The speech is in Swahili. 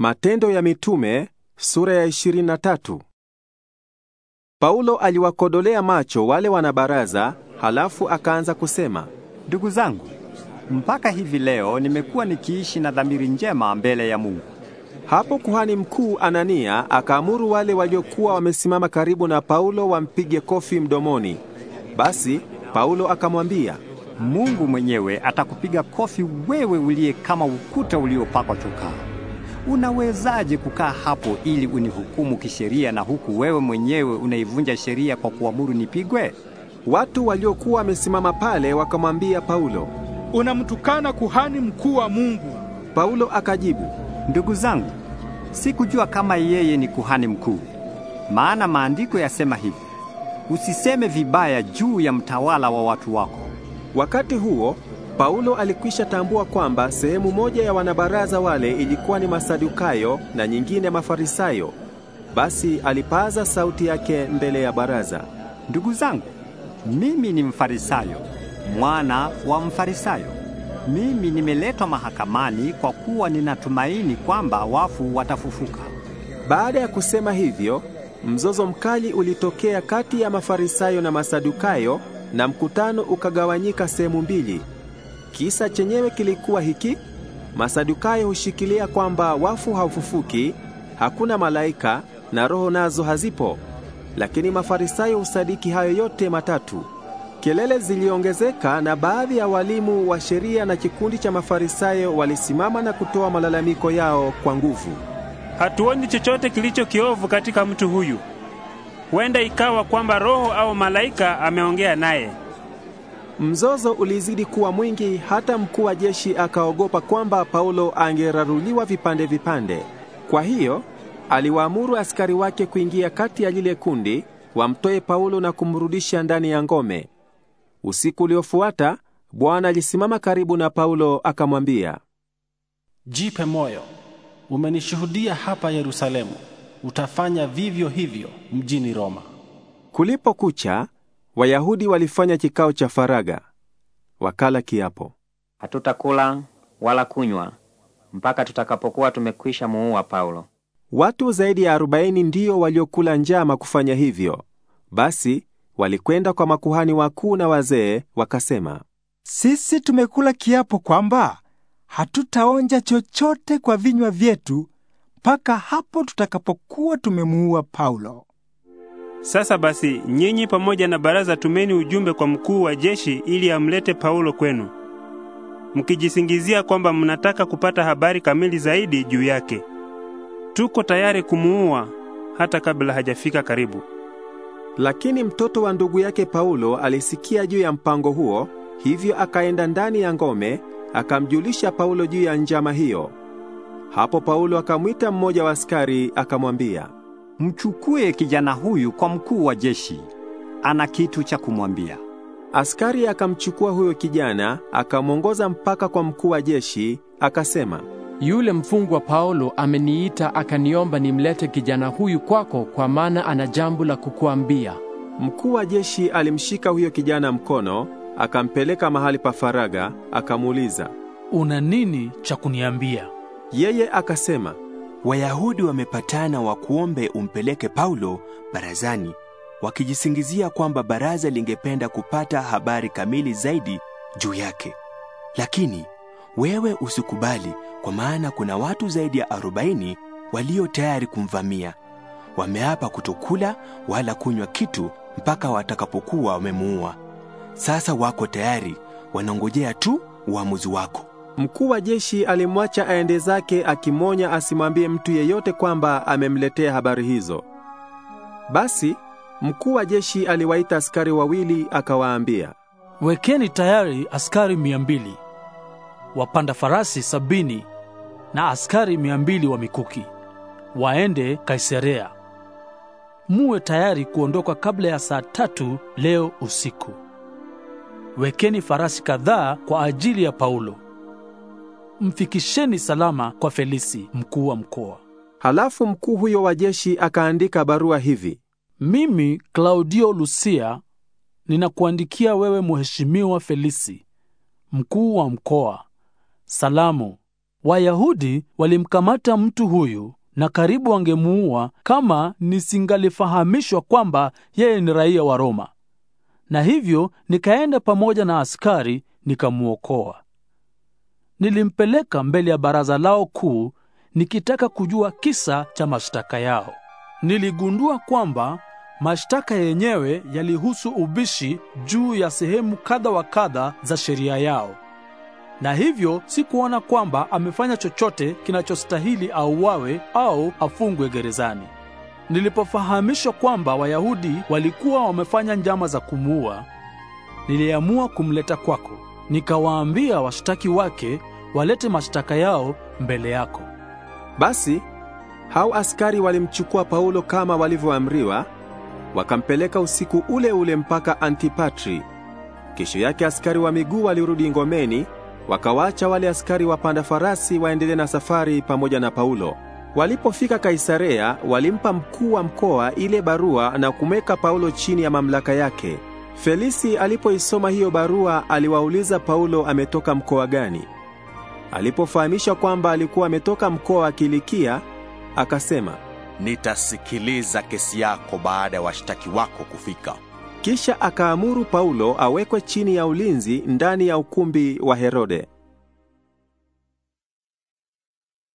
Matendo ya Mitume sura ya 23. Paulo aliwakodolea macho wale wanabaraza, halafu akaanza kusema, ndugu zangu, mpaka hivi leo nimekuwa nikiishi na dhamiri njema mbele ya Mungu. Hapo kuhani mkuu Anania akaamuru wale waliokuwa wamesimama karibu na Paulo wampige kofi mdomoni. Basi Paulo akamwambia, Mungu mwenyewe atakupiga kofi wewe uliye kama ukuta uliopakwa chokaa unawezaje kukaa hapo ili unihukumu kisheria na huku wewe mwenyewe unaivunja sheria kwa kuamuru nipigwe? Watu waliokuwa wamesimama pale wakamwambia Paulo, unamtukana kuhani mkuu wa Mungu. Paulo akajibu, ndugu zangu, sikujua kama yeye ni kuhani mkuu, maana maandiko yasema hivi, usiseme vibaya juu ya mtawala wa watu wako. Wakati huo Paulo alikwisha tambua kwamba sehemu moja ya wanabaraza wale ilikuwa ni Masadukayo na nyingine Mafarisayo. Basi alipaza sauti yake mbele ya baraza, ndugu zangu, mimi ni Mfarisayo, mwana wa Mfarisayo. Mimi nimeletwa mahakamani kwa kuwa ninatumaini kwamba wafu watafufuka. Baada ya kusema hivyo, mzozo mkali ulitokea kati ya Mafarisayo na Masadukayo, na mkutano ukagawanyika sehemu mbili. Kisa chenyewe kilikuwa hiki: Masadukayo hushikilia kwamba wafu haufufuki, hakuna malaika na roho nazo hazipo, lakini Mafarisayo husadiki hayo yote matatu. Kelele ziliongezeka na baadhi ya walimu wa sheria na kikundi cha Mafarisayo walisimama na kutoa malalamiko yao kwa nguvu. Hatuoni chochote kilicho kiovu katika mtu huyu. Huenda ikawa kwamba roho au malaika ameongea naye. Mzozo ulizidi kuwa mwingi hata mkuu wa jeshi akaogopa kwamba Paulo angeraruliwa vipande vipande. Kwa hiyo aliwaamuru askari wake kuingia kati ya lile kundi, wamtoe Paulo na kumrudisha ndani ya ngome. Usiku uliofuata Bwana alisimama karibu na Paulo akamwambia, jipe moyo, umenishuhudia hapa Yerusalemu, utafanya vivyo hivyo mjini Roma. Kulipokucha Wayahudi walifanya kikao cha faraga, wakala kiapo, hatutakula wala kunywa mpaka tutakapokuwa tumekwisha muua Paulo. Watu zaidi ya arobaini ndiyo waliokula njama kufanya hivyo. Basi walikwenda kwa makuhani wakuu na wazee, wakasema, sisi tumekula kiapo kwamba hatutaonja chochote kwa vinywa vyetu mpaka hapo tutakapokuwa tumemuua Paulo. Sasa basi, nyinyi pamoja na baraza tumeni ujumbe kwa mkuu wa jeshi ili amlete Paulo kwenu, mkijisingizia kwamba mnataka kupata habari kamili zaidi juu yake. Tuko tayari kumuua hata kabla hajafika karibu. Lakini mtoto wa ndugu yake Paulo alisikia juu ya mpango huo, hivyo akaenda ndani ya ngome, akamjulisha Paulo juu ya njama hiyo. Hapo Paulo akamwita mmoja wa askari akamwambia, mchukue kijana huyu kwa mkuu wa jeshi, ana kitu cha kumwambia. Askari akamchukua huyo kijana akamwongoza mpaka kwa mkuu wa jeshi, akasema, yule mfungwa Paulo ameniita akaniomba nimlete kijana huyu kwako, kwa maana ana jambo la kukuambia. Mkuu wa jeshi alimshika huyo kijana mkono, akampeleka mahali pa faraga, akamuuliza, una nini cha kuniambia? Yeye akasema, Wayahudi wamepatana wa kuombe umpeleke Paulo barazani, wakijisingizia kwamba baraza lingependa kupata habari kamili zaidi juu yake. Lakini wewe usikubali, kwa maana kuna watu zaidi ya arobaini walio tayari kumvamia. Wameapa kutokula wala kunywa kitu mpaka watakapokuwa wamemuua. Sasa wako tayari, wanangojea tu uamuzi wako. Mkuu wa jeshi alimwacha aende zake akimwonya asimwambie mtu yeyote kwamba amemletea habari hizo. Basi mkuu wa jeshi aliwaita askari wawili akawaambia, wekeni tayari askari mia mbili wapanda farasi sabini na askari mia mbili wa mikuki waende Kaisarea. Muwe tayari kuondoka kabla ya saa tatu leo usiku. Wekeni farasi kadhaa kwa ajili ya Paulo mfikisheni salama kwa Felisi, mkuu wa mkoa. Halafu mkuu huyo wa jeshi akaandika barua hivi: mimi Klaudio Lusia ninakuandikia wewe mheshimiwa Felisi, mkuu wa mkoa, salamu. Wayahudi walimkamata mtu huyu na karibu wangemuua kama nisingalifahamishwa kwamba yeye ni raia wa Roma, na hivyo nikaenda pamoja na askari nikamwokoa nilimpeleka mbele ya baraza lao kuu nikitaka kujua kisa cha mashtaka yao. Niligundua kwamba mashtaka yenyewe yalihusu ubishi juu ya sehemu kadha wa kadha za sheria yao, na hivyo sikuona kwamba amefanya chochote kinachostahili auawe au afungwe gerezani. Nilipofahamishwa kwamba Wayahudi walikuwa wamefanya njama za kumuua, niliamua kumleta kwako Nikawaambia washtaki wake walete mashtaka yao mbele yako. Basi hao askari walimchukua Paulo kama walivyoamriwa, wakampeleka usiku ule ule mpaka Antipatri. Kesho yake askari wa miguu walirudi ngomeni, wakawaacha wale askari wapanda farasi waendelee na safari pamoja na Paulo. Walipofika Kaisarea, walimpa mkuu wa mkoa ile barua na kumweka Paulo chini ya mamlaka yake. Felisi alipoisoma hiyo barua aliwauliza Paulo ametoka mkoa gani. Alipofahamishwa kwamba alikuwa ametoka mkoa wa Kilikia, akasema, nitasikiliza kesi yako baada ya washtaki wako kufika. Kisha akaamuru Paulo awekwe chini ya ulinzi ndani ya ukumbi wa Herode.